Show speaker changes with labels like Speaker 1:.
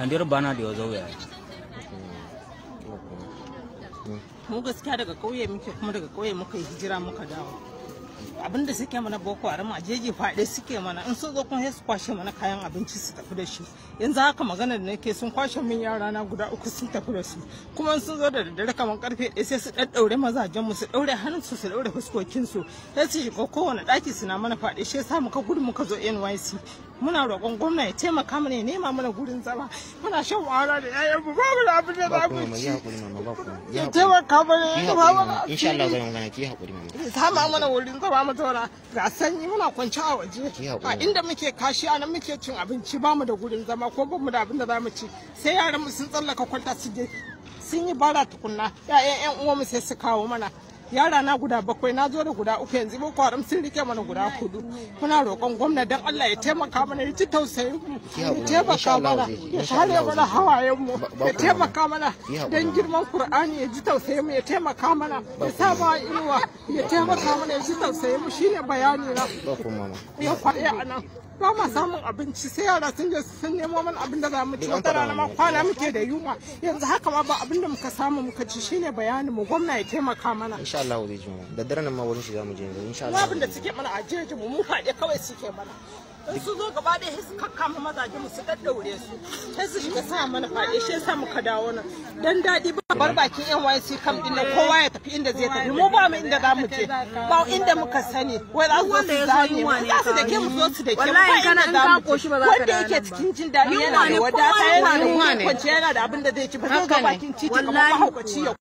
Speaker 1: handir bana da zau ya mu gaskiya daga kauye muke kuma daga kauye muka yi hijira muka dawo abinda suke mana boko haram a jeji faɗe suke mana in sun zo kuma su kwashe mana kayan abinci su tafi da shi yanzu haka magana da nake sun kwashe min yara na guda uku sun tafi da su kuma sun zo da daddare kamar karfe ɗaya sai su ɗaɗɗaure mazajen mu su ɗaure hannun su su ɗaure fuskokin su sai su shiga kowane ɗaki suna mana faɗe shi yasa muka gudu muka zo NYC muna roƙon gwamna ya taimaka mana ya nema mana gurin zama muna shan wahala da yayan mu babu da abin da za mu ci ya taimaka mana ya zama mana insha Allah zan magana ki hakuri mama ya sama mana wurin zama mu zauna ga sanyi muna kwanci a waje a inda muke kashi a nan muke cin abinci ba mu da gurin zama ko ba mu da abin da za mu ci sai yaran mu sun tsallaka kwalta su je sun yi bara tukunna 'ya'yan 'yan uwa mu sai su kawo mana yara na guda bakwai na zo da guda uku yanzu ku haram sun rike mana guda hudu kuna roƙon gwamna dan Allah ya taimaka mana ya ci tausayin mu ya taimaka mana ya share mana hawayen mu ya taimaka mana dan girman Qur'ani ya ji tausayin mu ya taimaka mana ya sa ba inuwa ya taimaka mana ya ji tausayin mu shine bayani na ya kwaye anan ba ma samun abinci sai yara sun je sun nemo mana abin da za mu ci wata rana ma kwana muke da yunwa yanzu haka ma ba abin da muka samu muka ci shine bayanin mu gwamna ya taimaka mana insha Allah zai ji mu da daren ma wurin shi za mu je insha Allah abin da suke mana a jeji mu mu faɗi kawai suke mana in su zo gaba ɗaya sai su kakkama mazaje mu su daddaure su sai su shiga sa mana faɗi shi yasa muka dawo nan dan daɗi ba bar bakin NYC kam din nan kowa ya tafi inda zai tafi mu ba mu inda za mu je ba inda muka sani wai za su zo su zane mu za su dake mu zo su dake mu ba inda za mu je wanda yake cikin jin daɗi yana da wadata yana da kwanciya yana da abin da zai ci ba zai ga bakin titi kamar mahaukaci ya